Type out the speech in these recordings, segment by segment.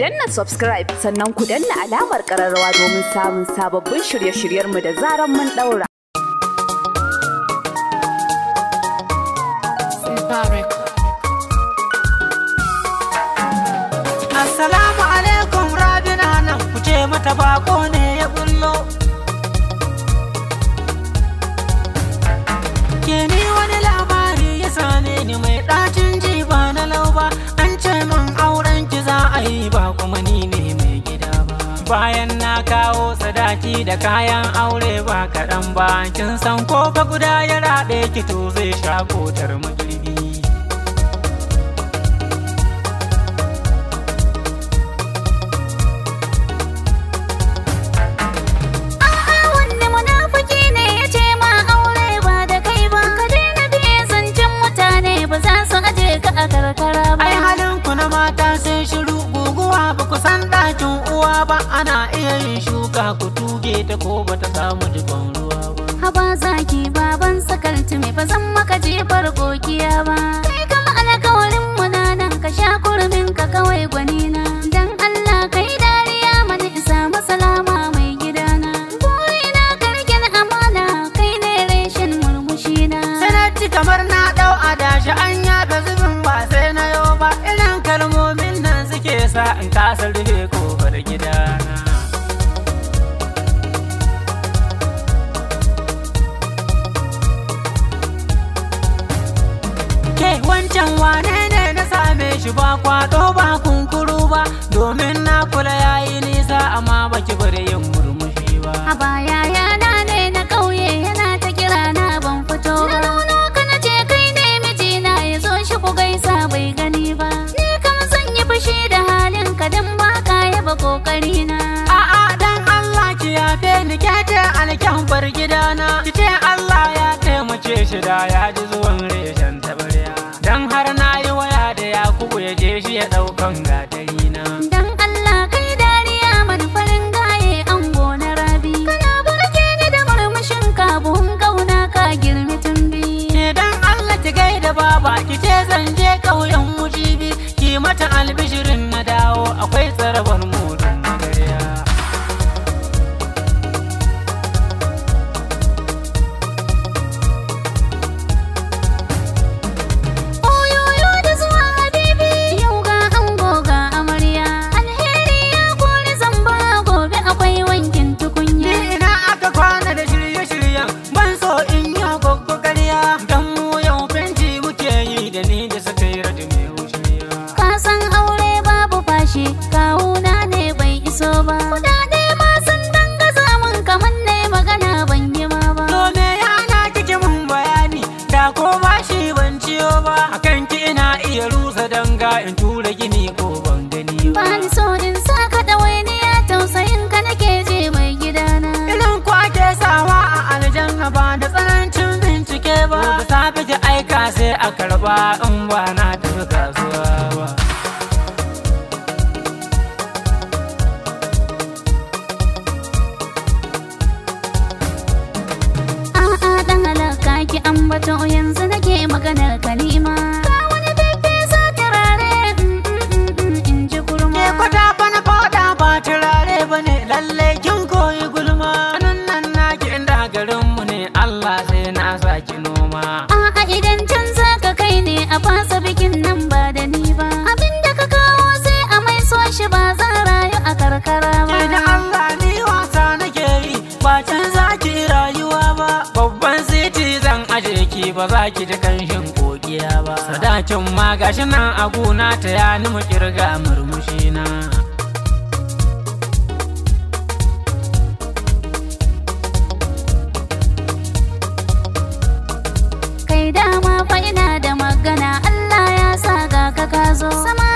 danna subscribe sannan ku danna alamar kararrawa domin samun sababbin shirye-shiryenmu da zaran mun daura. Assalamu alaikum rabina nan ku ce mata bako ne ya bullo. bayan na kawo sadaki da kayan aure ba kaɗan ba kin san ko fa guda ya raɗe ki to zai sha kotar mutuli ba ku san ɗakin uwa ba ana iya yin shuka ku tuge ta ko ba ta samu jikon ruwa ba. Haba zaki baban sakalci mai ba zan maka jefar gokiya ba. Kai kama alkawarin mu nan ka sha kurmin ka kawai in kasa rufe kofar gidana ke wancan wane ne na same shi ba kwado ba kun dan baka yaba kokari na a'a dan Allah ki yafe ni kyace alkin bar gidana ki ce Allah ya taimake shi da ya ji zuwan reshen tabarya dan har na yi waya da ya Yakubu ya je shi ya daukan gatari na dan Allah kai dariya man farin gaye an gona rabi kana burke ni da murmushin ka buhun kauna ka girmi tumbi ke dan Allah ki gaida baba ki ce zan je kauyen mujibi ki mata albishirin ba in ba na tafi kasuwa ba a'a dan halaka ki ambato yanzu nake maganar ka ba za ki ji kanshin kokiya ba sadakin ma gashi nan a gona ta ya ni mu kirga murmushi na kai dama fa ina da magana Allah ya sa ga ka ka zo sama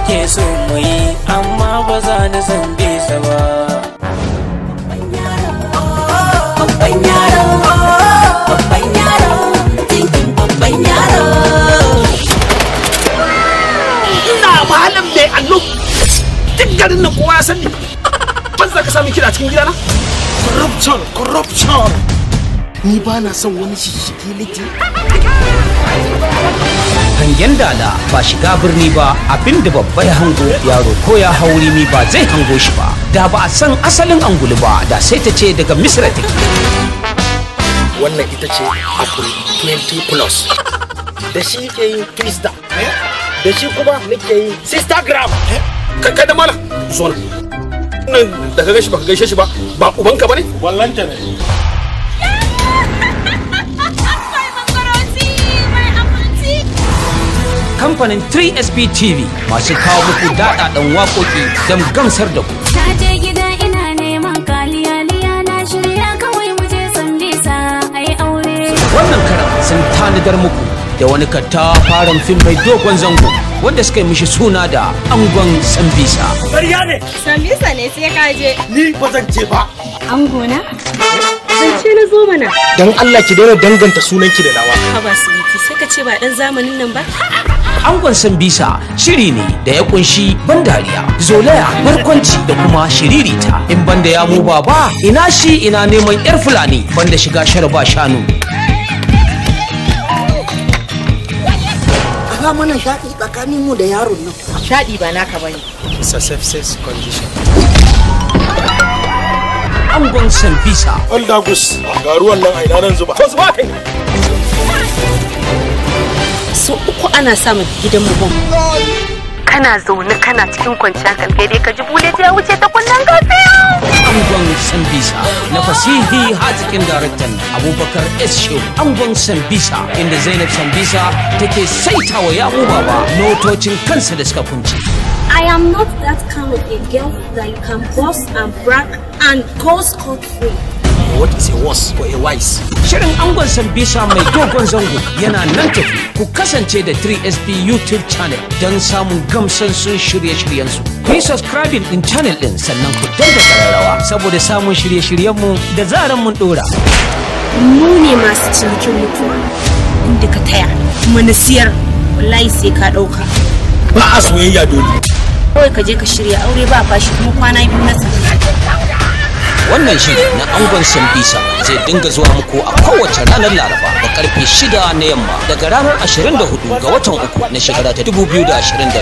nake so mu yi amma ba za ni san sa ba garin kowa ya sani ban ka sami kira cikin gidana corruption corruption ni ba na son wani shishigi nake hangen dala ba shiga birni ba da babba ya hango yaro ko ya hauri ni ba zai hango shi ba da ba a san asalin angulu ba da sai ta ce daga misra take wannan ita ce apple 20 plus da shi ke yin twister da shi kuma muke yi sistagram kakka da mala zon nan da ka gashi ba ka gaishe shi ba ba ubanka ba ne wallanta ne kamfanin 3SP TV masu kawo muku daɗaɗan waƙoƙi don gamsar da ku. Ta je gida ina neman na shirya kawai mu je sambisa a yi aure. Wannan karan sun tanadar muku da wani katta faran fim mai dogon zango wanda suka yi mishi suna da angon sambisa. Ƙarya ne! Sambisa ne sai kaje. Ni ba zan je ba. Angona? Zance na zo mana. Don Allah ki daina danganta sunan ki da nawa. Haba su sai ka ce ba ɗan zamanin nan ba. angon san bisa shiri ne da ya kunshi ban dariya zolaya barkwanci da kuma shiririta in banda ya mu baba ina shi ina neman yar fulani banda shiga shara ba shanu Ka mana shaɗi tsakanin mu da yaron nan. Shaɗi ba naka bane. It's a safe sex condition. Angon Sambisa. Aldagus, ga ruwan nan a ina nan zuba. Ko zuba kai. so uku ana samun gidan mu bom kana zaune kana cikin kwanciyar kalkai dai ka ji bude ta wuce ta kunnen kafi. angon sambisa na fasihi hatikin daraktan abubakar s shehu angon sambisa inda zainab sambisa take saita wa yamu baba notocin kansa da suka kunci. I am not that kind of a girl that you can boss and brag and cause scot free. what is a worse for a wise. Shirin angon Sambisa mai dogon zango yana nan tafi ku kasance da 3SP YouTube channel don samun sun shirye su. Ku yi subscribing din channel din sannan ku danna kararrawa saboda samun shirye-shiryenmu da zaran mun dora. Mu ne masu cinikin mutuwa inda ka taya mana siyar wallahi sai ka ɗauka. Ba a soyayya dole. Kawai ka je ka shirya aure ba fashi kuma kwana biyu na sa. wannan shiri na angon sambisa zai dinga zuwa muku a kowace ranar laraba da karfe 6 na yamma daga ranar 24 ga watan uku na shekara ta 2020